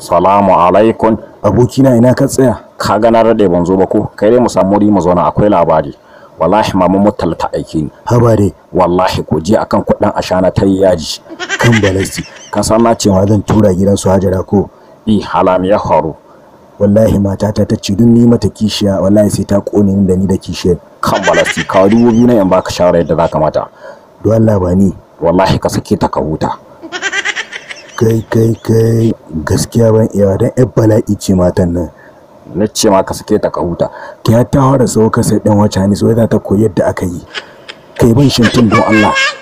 salamu alaikum abokina ina ka tsaya ka ga na rade ban zo ba ko kai dai mu samu wuri mu zauna akwai labari wallahi mama mutal ta aike ni haba wallahi ko je akan kudin ashana ta yaji kan balasti ka san na ce zan tura gidan su hajara ko i halam ya faru wallahi matata ta ce dun ni mata kishiya wallahi sai ta kone ni da ni da kishiyar kan balasti ka dubo bi na yan baka shawara yadda za ka mata do Allah ba wallahi ka sake ta ka huta kai kai kai gaskiya ban iya dan yan bala'i ce matan nan na ce ma ka sake ta ka huta ta ta fara sauka sai dan wacce ne so ta koyi yadda aka yi kai ban shintin don Allah